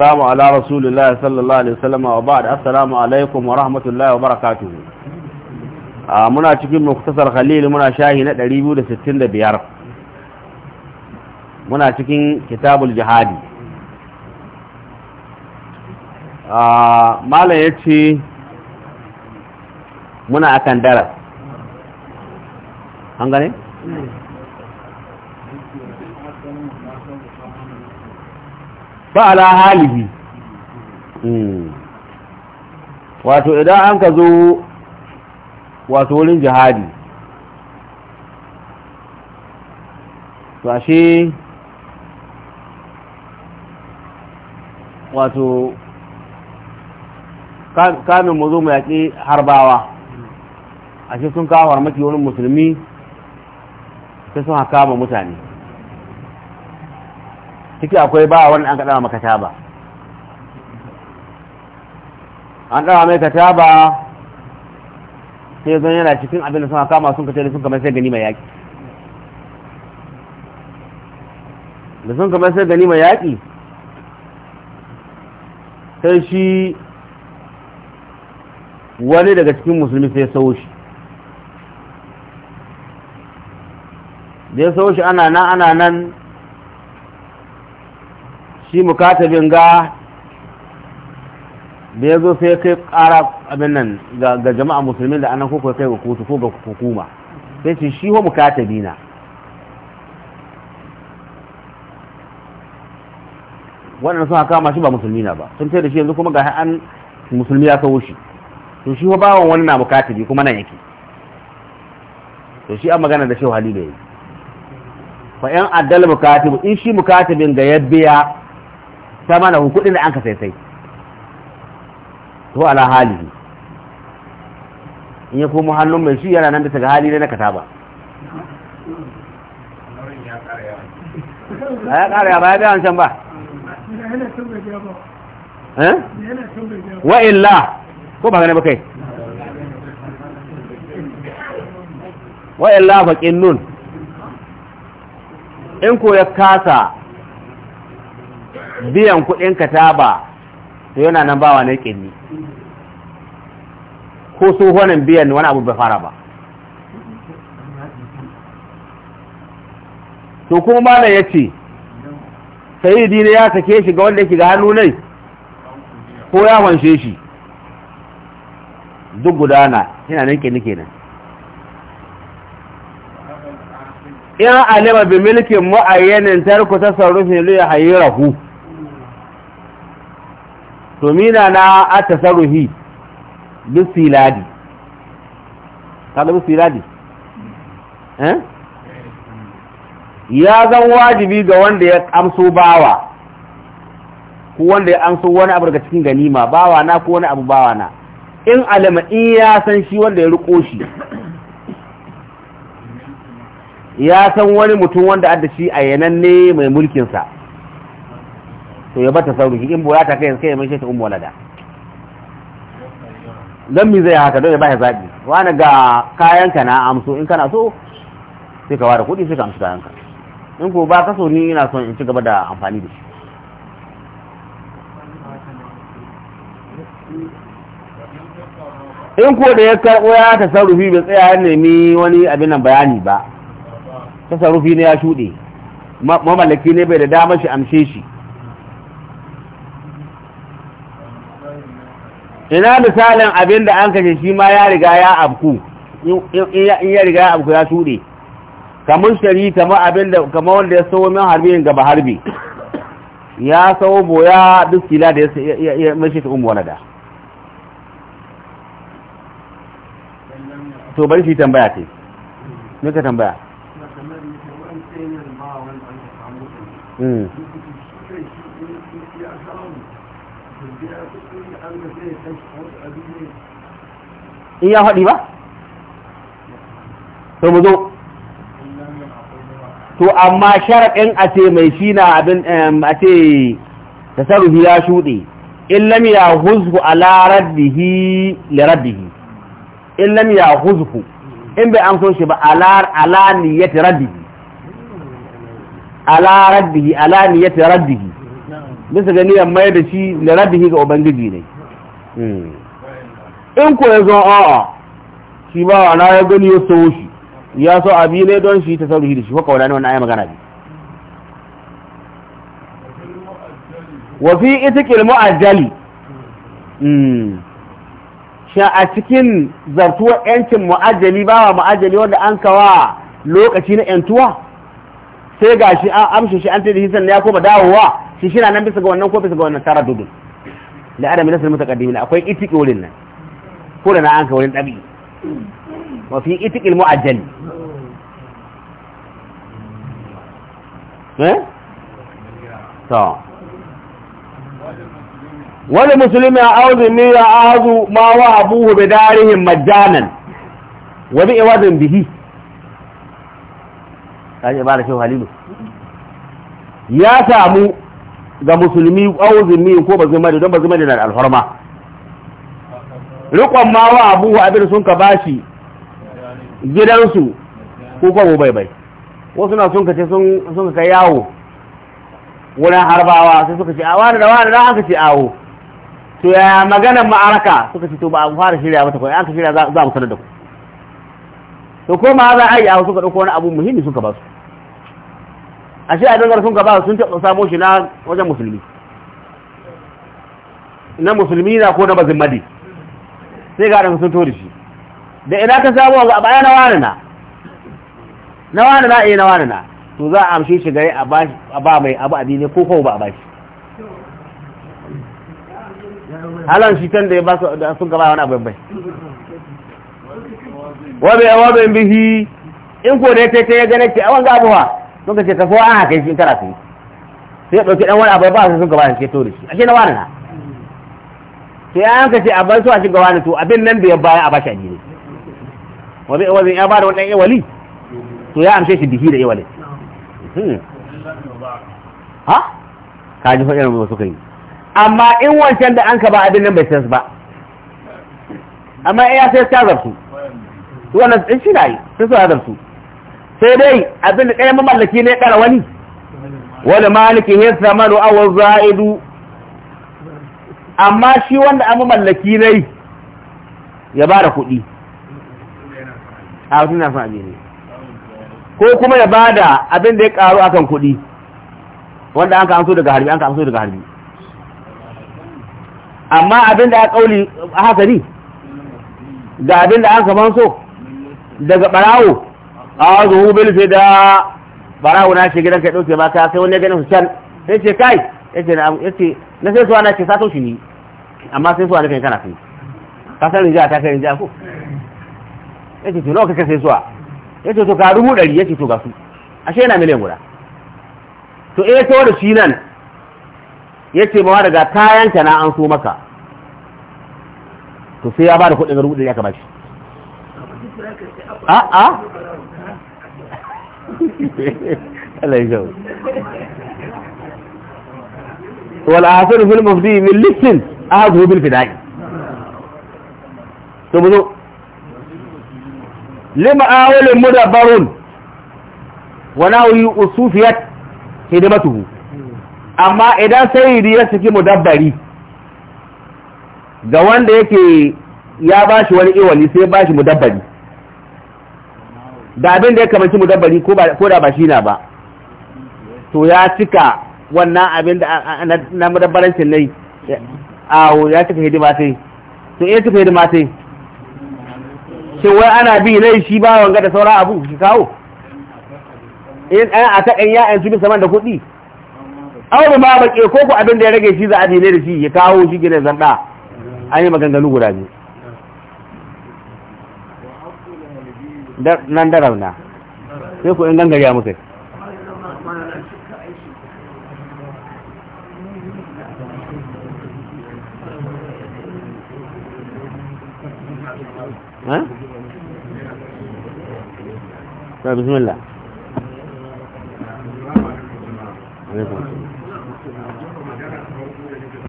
السلام على رسول الله صلى الله عليه وسلم وبعد السلام عليكم ورحمة الله وبركاته muna cikin muktasar khalil muna shahi na biyar muna cikin kitabul jihadi ah, malam ya ce muna akan daras an gane? fa'ala halihi wato idan an ka zo wato wurin jihadi to ashe wato kamin mu zo mu yaƙi harbawa ashe sun kawo harmaki wurin musulmi sai sun haka mutane ciki akwai ba wani an kaɗa maka taba an ɗawa mai ka taba sai zan yana cikin abin da suna kama sun kace da sun kamar sai gani mai yaƙi da sun kamar sai gani mai yaƙi sai shi wani daga cikin musulmi sai sau shi da ya sau shi ana nan ana nan shi mukatabin ga da ya zo sai kai ƙara abin nan ga jama'a musulmi da anan kuka kai ga kotu ko ga hukuma sai ce shi wa mukatabi na wannan sun ma shi ba musulmi na ba sun ce da shi yanzu kuma ga an musulmi ya kawo shi to shi ho bawan wani na mukatabi kuma nan yake to shi an magana da shi halilu yayi fa yan addal mukatibu in shi mukatabin ga ya biya samalahu kudin da an ka sai sai to ala hali in ya komo hannun mai shi yana nan da taga hali ne na kata ba a ya ƙara ba ya biya can ba eh? wa illa ko ba gane ba kai wa illa faƙin nun in ko ya kasa biyan kuɗin kataba to yana nan bawa na ƙirni ko tsohonin biyan wani abu bai fara ba to kuma malam ya ce sayidi ne ya sake shi ga wanda yake ga hannu nai ko ya wanshe shi duk gudana yana nan ƙirni kenan in alima bi milkin mu'ayyanin ta tasarrufin liya rahu to mina na a tasaruhi bisiladi kada bisiladi eh ya zan wajibi ga wanda ya amso bawa ko wanda ya amso wani abu daga cikin ganima bawa na ko wani abu bawa na in alama in ya san shi wanda ya riko shi ya san wani mutum wanda addashi shi a yananne mai mulkinsa to ya bata sauri in boya ta kai sai ya ta shi ummu walada don mi zai haka don ya baya zaɓi wani ga kayanka na amso in kana so sai ka ware kuɗi sai ka amsu kayanka in ko ba ka so ni ina son in ci gaba da amfani da shi in ko da ya karɓo ya ta sarufi bai tsaya ya nemi wani abin nan bayani ba ta sarufi ne ya shuɗe mamallaki ne bai da damar shi amshe shi ina misalin abin da an kashe shi ma ya riga ya abku in ya riga ya abku ya shuɗe kamar shari kamar abin da kamar wanda ya sawo min harbi gaba harbi ya sawo boya duk kila da ya mashi ta umu da to bari shi tambaya ce me ka tambaya in ya faɗi ba to mu zo to amma sharaɗin a ce mai shi na abin a ce tasarrufi ya shuɗe in ya huzhu ala raddihi li raddihi in ya huzhu in bai amso shi ba ala niyyati raddihi ala raddihi ala niyyati raddihi bisa ga niyyar mai da shi li raddihi ga ubangiji ne Hmm. in ku ya zan a'a shi ba na ya gani ya so shi ya so abi ne don shi ta sauri da shi ko kawai ne wannan ayi magana bi wa fi itiqil mu'ajjali mm sha a cikin zartuwar yancin mu'ajjali ba wa mu'ajjali wanda an kawa lokaci na yantuwa sai gashi an amshe shi an tada hisan ya koma dawowa shi shi na nan bisa ga wannan ko bisa ga wannan tara dudun لا أنا من نسل المتقدمين أخوي إتك أولينا كلنا عنك أولين أبي وفي إتك المعجل ها؟ صح ولمسلم أعوذ مني أعوذ ما وهبوه بدارهم مجانا وبإعواذ به هذه عبارة شو هليلو يا سامو ga musulmi au zimmi ko ba zimmi don ba zimmi da alhorma rikon ma wa abu abin sun ka bashi gidansu ko kwabo bai bai wasu na sun ka ce sun ka yawo wurin harbawa sai suka ce a wani da wani da aka ce awo to ya maganar ma'araka suka ce to ba a fara shirya mata kawai an ka shirya za mu sanar da ku to ko ma za a yi awo suka ɗauko wani abu muhimmi sun ka basu ashe a dangar sun gaba sun taɓa samo shi na wajen musulmi na musulmi na ko na bazin madi sai ga sun tori shi da ina ka samu a baya na wani na na wani na eh na wani na to za a amshe shi gare a ba mai abu adini ko kawo ba a bashi halon shi can da ya ba da sun gaba wani abu bai wabe wabe bihi in ko da ya ce ta ya gane ki a wanga abuwa sun ka ce ka so an haka shi su sai sai ɗauki ɗan wani abubuwa ba su sun gaba da ceto da shi a ce na wani na sai an ka ce a bai su a shi gaba to abin nan da ya baya a bashi a jini wani wani ya ba da wani ɗan ewali to ya amshe shi bihi da iwali hmm. ha ka ji faɗin wasu kan yi amma in wancan da an ka ba abin nan bai sai ba amma ya sai ta zarsu wannan shi na yi sai su zarsu sai dai abin da ɗaya mamallaki ne ɗara wani wani maliki ya a awon za'idu amma shi wanda an mamallaki ne ya ba da kuɗi a wasu na sami ne ko kuma ya ba da abin da ya ƙaru akan kuɗi wanda an ka amso daga harbi an ka amso daga harbi amma abin da ya ƙauli a hasari ga abin da an ka manso daga ɓarawo a zuhu bil fida barawo na ce gidan kai dauke ba ka sai wani ya gani su can sai ce kai yace na yace na sai suwa na ce sato shi ni amma sai suwa da kai kana sai ka san rinja ta kai rinja ko yace to lokacin sai suwa yace to ka rubu dari yace to ga su ashe yana miliyan guda to eh to da shi nan yace ma daga kayan ka na an so maka to sai ya ba da kuɗin rubu dari aka ba shi a'a Allah ya wal asir fil mufdi min lissin ahadu bil fida'i to buzo lima mu awalin mudabbarun wa nawi usufiyat hidimatuhu amma idan sayyidi ya mu mudabbari ga wanda yake ya bashi wani iwali sai bashi mu mudabbari da abin da ya kamanci mudabbari ko da ba shi na ba to ya cika wannan abin da na mudabbarancin nai awo ya cika hidima sai to ya cika hidima sai shi wai ana bi nai shi ba wanga da sauran abu shi kawo in an a taƙan ya'yan su bi saman da kuɗi aure ma baƙe ko ku abin da ya rage shi za a ne da shi ya kawo shi gina zanɗa an yi maganganu guda biyu nan da rauna sai ku in gangariya muka ha? bismillah